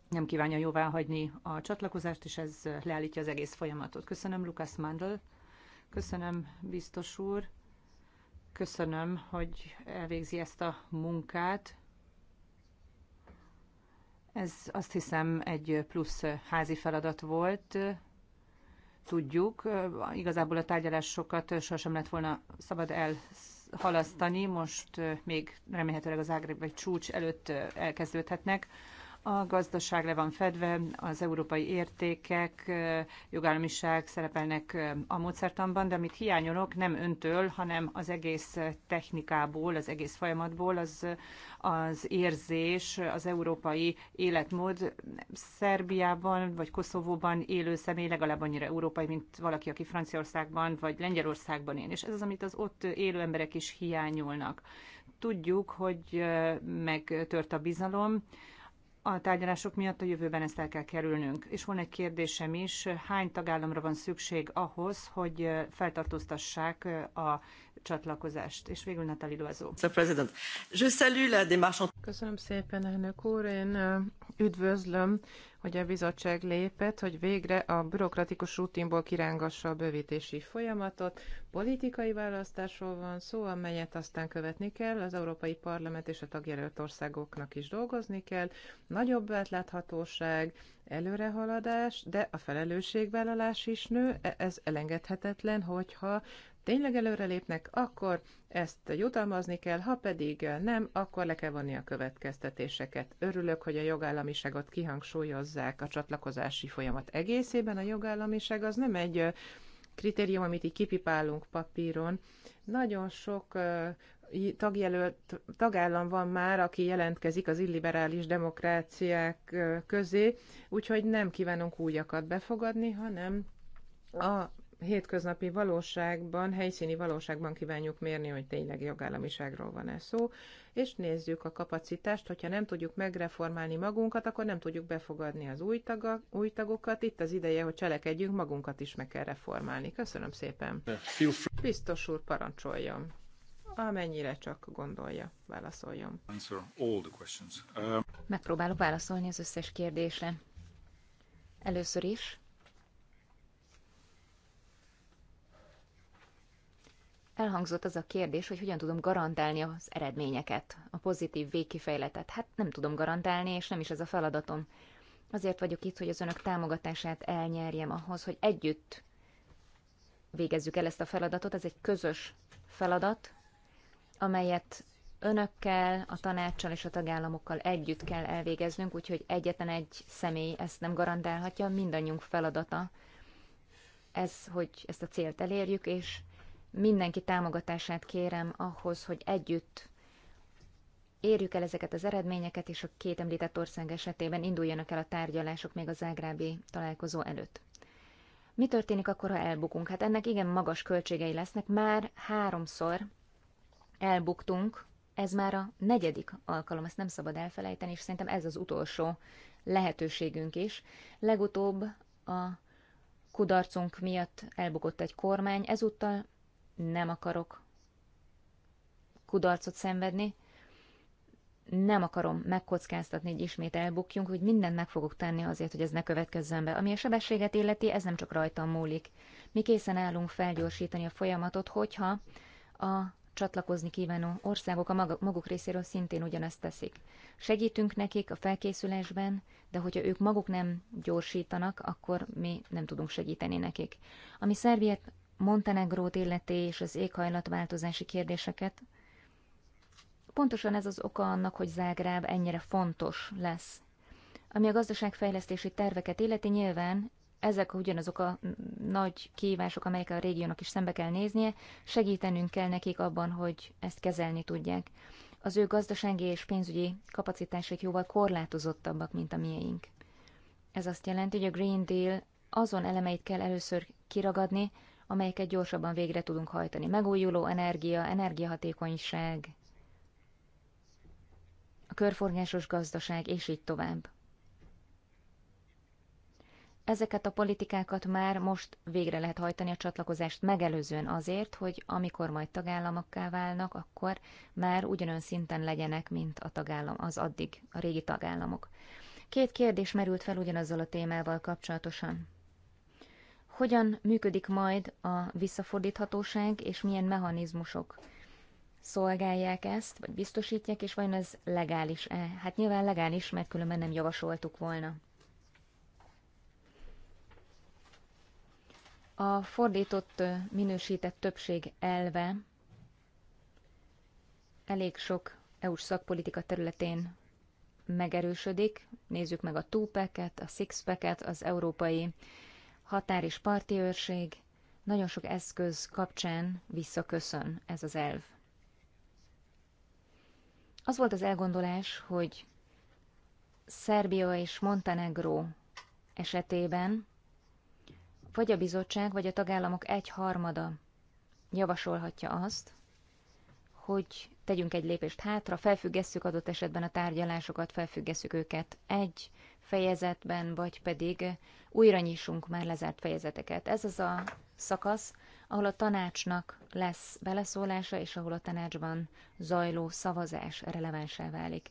nem kívánja jóvá hagyni a csatlakozást, és ez leállítja az egész folyamatot. Köszönöm, Lukasz Mandl. Köszönöm, biztos úr köszönöm, hogy elvégzi ezt a munkát. Ez azt hiszem egy plusz házi feladat volt. Tudjuk, igazából a tárgyalásokat sosem lett volna szabad elhalasztani, most még remélhetőleg az Ágrébe vagy csúcs előtt elkezdődhetnek. A gazdaság le van fedve, az európai értékek, jogállamiság szerepelnek a módszertanban, de amit hiányolok nem öntől, hanem az egész technikából, az egész folyamatból, az, az érzés, az európai életmód. Szerbiában vagy Koszovóban élő személy legalább annyira európai, mint valaki, aki Franciaországban vagy Lengyelországban él. És ez az, amit az ott élő emberek is hiányolnak. Tudjuk, hogy megtört a bizalom, a tárgyalások miatt a jövőben ezt el kell kerülnünk. És van egy kérdésem is, hány tagállamra van szükség ahhoz, hogy feltartóztassák a csatlakozást. És végül Natali Loazó. Köszönöm szépen, elnök úr. Én üdvözlöm, hogy a bizottság lépett, hogy végre a bürokratikus rutinból kirángassa a bővítési folyamatot. Politikai választásról van szó, amelyet aztán követni kell, az Európai Parlament és a tagjelölt országoknak is dolgozni kell, nagyobb átláthatóság, előrehaladás, de a felelősségvállalás is nő, e-, ez elengedhetetlen, hogyha tényleg előrelépnek, akkor ezt jutalmazni kell, ha pedig nem, akkor le kell vonni a következtetéseket. Örülök, hogy a jogállamiságot kihangsúlyozzák a csatlakozási folyamat egészében. A jogállamiság az nem egy kritérium, amit így kipipálunk papíron. Nagyon sok tagjelölt, tagállam van már, aki jelentkezik az illiberális demokráciák közé, úgyhogy nem kívánunk újakat befogadni, hanem a hétköznapi valóságban, helyszíni valóságban kívánjuk mérni, hogy tényleg jogállamiságról van-e szó, és nézzük a kapacitást, hogyha nem tudjuk megreformálni magunkat, akkor nem tudjuk befogadni az új, taga, új tagokat. Itt az ideje, hogy cselekedjünk, magunkat is meg kell reformálni. Köszönöm szépen. Biztos úr, parancsoljon. Amennyire csak gondolja, válaszoljon. Uh, Megpróbálok válaszolni az összes kérdésre. Először is, elhangzott az a kérdés, hogy hogyan tudom garantálni az eredményeket, a pozitív végkifejletet. Hát nem tudom garantálni, és nem is ez a feladatom. Azért vagyok itt, hogy az önök támogatását elnyerjem ahhoz, hogy együtt végezzük el ezt a feladatot. Ez egy közös feladat, amelyet önökkel, a tanácssal és a tagállamokkal együtt kell elvégeznünk, úgyhogy egyetlen egy személy ezt nem garantálhatja, mindannyiunk feladata ez, hogy ezt a célt elérjük, és mindenki támogatását kérem ahhoz, hogy együtt érjük el ezeket az eredményeket, és a két említett ország esetében induljanak el a tárgyalások még a zágrábi találkozó előtt. Mi történik akkor, ha elbukunk? Hát ennek igen magas költségei lesznek. Már háromszor elbuktunk, ez már a negyedik alkalom, ezt nem szabad elfelejteni, és szerintem ez az utolsó lehetőségünk is. Legutóbb a kudarcunk miatt elbukott egy kormány, ezúttal nem akarok kudarcot szenvedni, nem akarom megkockáztatni, hogy ismét elbukjunk, hogy mindent meg fogok tenni azért, hogy ez ne következzen be. Ami a sebességet illeti, ez nem csak rajtam múlik. Mi készen állunk felgyorsítani a folyamatot, hogyha a csatlakozni kívánó országok a maguk részéről szintén ugyanezt teszik. Segítünk nekik a felkészülésben, de hogyha ők maguk nem gyorsítanak, akkor mi nem tudunk segíteni nekik. Ami Szerbiát Montenegrót illeti és az éghajlatváltozási kérdéseket. Pontosan ez az oka annak, hogy Zágráb ennyire fontos lesz. Ami a gazdaságfejlesztési terveket illeti, nyilván ezek ugyanazok a nagy kívások, amelyek a régiónak is szembe kell néznie, segítenünk kell nekik abban, hogy ezt kezelni tudják. Az ő gazdasági és pénzügyi kapacitások jóval korlátozottabbak, mint a miénk. Ez azt jelenti, hogy a Green Deal azon elemeit kell először kiragadni, amelyeket gyorsabban végre tudunk hajtani. Megújuló energia, energiahatékonyság, a körforgásos gazdaság, és így tovább. Ezeket a politikákat már most végre lehet hajtani a csatlakozást megelőzően azért, hogy amikor majd tagállamokká válnak, akkor már ugyanolyan szinten legyenek, mint a tagállam, az addig a régi tagállamok. Két kérdés merült fel ugyanazzal a témával kapcsolatosan. Hogyan működik majd a visszafordíthatóság, és milyen mechanizmusok szolgálják ezt, vagy biztosítják, és vajon ez legális-e? Hát nyilván legális, mert különben nem javasoltuk volna. A fordított minősített többség elve elég sok EU-s szakpolitika területén megerősödik. Nézzük meg a túpeket, a sixpeket, az európai határ és parti őrség, nagyon sok eszköz kapcsán visszaköszön ez az elv. Az volt az elgondolás, hogy Szerbia és Montenegro esetében vagy a bizottság, vagy a tagállamok egy harmada javasolhatja azt, hogy tegyünk egy lépést hátra, felfüggesszük adott esetben a tárgyalásokat, felfüggesszük őket egy fejezetben, vagy pedig újra nyissunk már lezárt fejezeteket. Ez az a szakasz, ahol a tanácsnak lesz beleszólása, és ahol a tanácsban zajló szavazás relevánsá válik.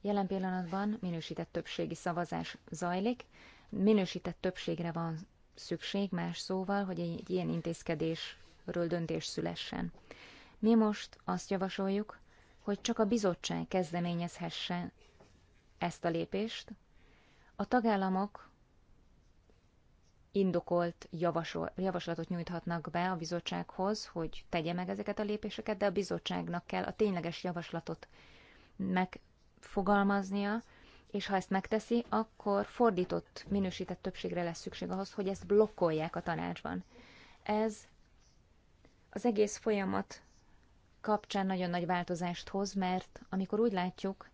Jelen pillanatban minősített többségi szavazás zajlik, minősített többségre van szükség, más szóval, hogy egy ilyen intézkedésről döntés szülessen. Mi most azt javasoljuk, hogy csak a bizottság kezdeményezhesse ezt a lépést. A tagállamok indokolt javasol, javaslatot nyújthatnak be a bizottsághoz, hogy tegye meg ezeket a lépéseket, de a bizottságnak kell a tényleges javaslatot megfogalmaznia, és ha ezt megteszi, akkor fordított, minősített többségre lesz szükség ahhoz, hogy ezt blokkolják a tanácsban. Ez az egész folyamat kapcsán nagyon nagy változást hoz, mert amikor úgy látjuk,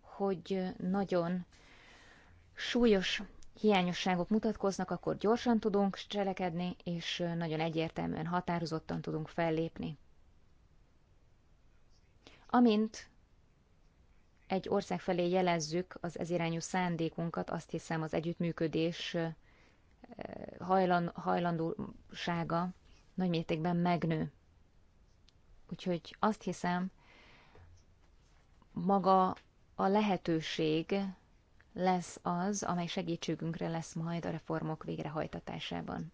hogy nagyon súlyos hiányosságok mutatkoznak, akkor gyorsan tudunk cselekedni, és nagyon egyértelműen, határozottan tudunk fellépni. Amint egy ország felé jelezzük az ezirányú szándékunkat, azt hiszem az együttműködés hajlan, hajlandósága nagymértékben megnő. Úgyhogy azt hiszem, maga a lehetőség lesz az, amely segítségünkre lesz majd a reformok végrehajtatásában.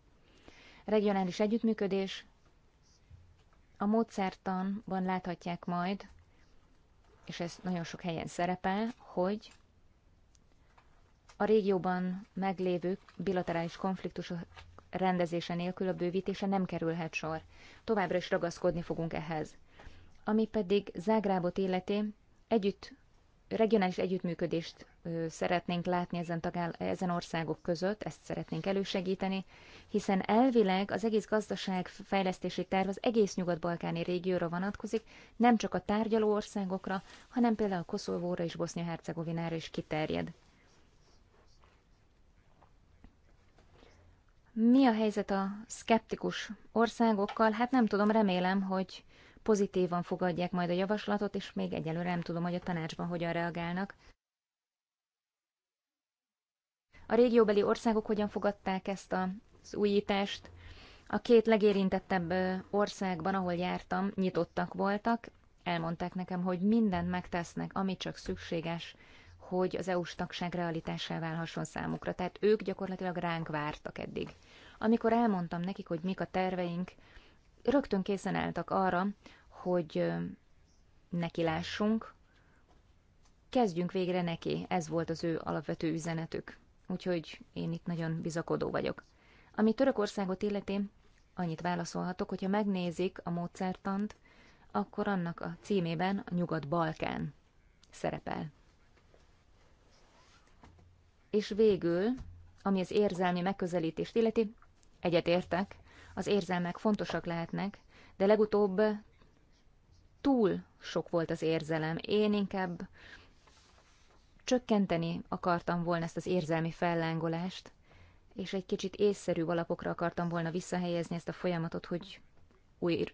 Regionális együttműködés. A módszertanban láthatják majd, és ez nagyon sok helyen szerepel, hogy a régióban meglévő bilaterális konfliktusok rendezése nélkül a bővítése nem kerülhet sor. Továbbra is ragaszkodni fogunk ehhez. Ami pedig Zágrábot életé, együtt, regionális együttműködést ö, szeretnénk látni ezen, tagáll- ezen országok között, ezt szeretnénk elősegíteni, hiszen elvileg az egész gazdaság fejlesztési terv az egész nyugat-balkáni régióra vonatkozik, nem csak a tárgyaló országokra, hanem például Koszovóra és Bosznia-Hercegovinára is kiterjed. Mi a helyzet a szkeptikus országokkal? Hát nem tudom, remélem, hogy pozitívan fogadják majd a javaslatot, és még egyelőre nem tudom, hogy a tanácsban hogyan reagálnak. A régióbeli országok hogyan fogadták ezt az újítást? A két legérintettebb országban, ahol jártam, nyitottak voltak, elmondták nekem, hogy mindent megtesznek, ami csak szükséges hogy az EU-s tagság realitássá válhasson számukra. Tehát ők gyakorlatilag ránk vártak eddig. Amikor elmondtam nekik, hogy mik a terveink, rögtön készen álltak arra, hogy nekilássunk, kezdjünk végre neki. Ez volt az ő alapvető üzenetük. Úgyhogy én itt nagyon bizakodó vagyok. Ami Törökországot illeti, annyit válaszolhatok, hogyha megnézik a módszertant, akkor annak a címében a Nyugat-Balkán szerepel. És végül, ami az érzelmi megközelítést illeti, egyetértek, az érzelmek fontosak lehetnek, de legutóbb túl sok volt az érzelem. Én inkább csökkenteni akartam volna ezt az érzelmi fellángolást, és egy kicsit észszerű alapokra akartam volna visszahelyezni ezt a folyamatot, hogy új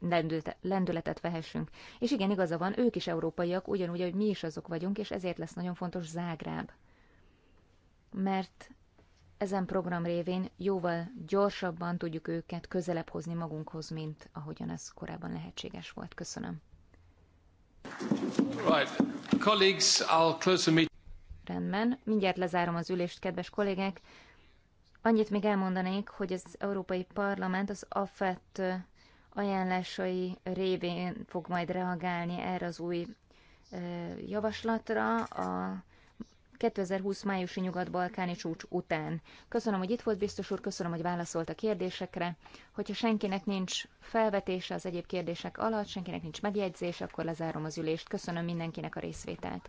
lendületet vehessünk. És igen, igaza van, ők is európaiak, ugyanúgy, hogy mi is azok vagyunk, és ezért lesz nagyon fontos Zágráb mert ezen program révén jóval gyorsabban tudjuk őket közelebb hozni magunkhoz, mint ahogyan ez korábban lehetséges volt. Köszönöm. Right. Colleagues, I'll close the meeting. Rendben, mindjárt lezárom az ülést, kedves kollégák. Annyit még elmondanék, hogy az Európai Parlament az AFET ajánlásai révén fog majd reagálni erre az új eh, javaslatra. A 2020 májusi nyugat-balkáni csúcs után. Köszönöm, hogy itt volt, biztos úr, köszönöm, hogy válaszolt a kérdésekre. Hogyha senkinek nincs felvetése az egyéb kérdések alatt, senkinek nincs megjegyzés, akkor lezárom az ülést. Köszönöm mindenkinek a részvételt.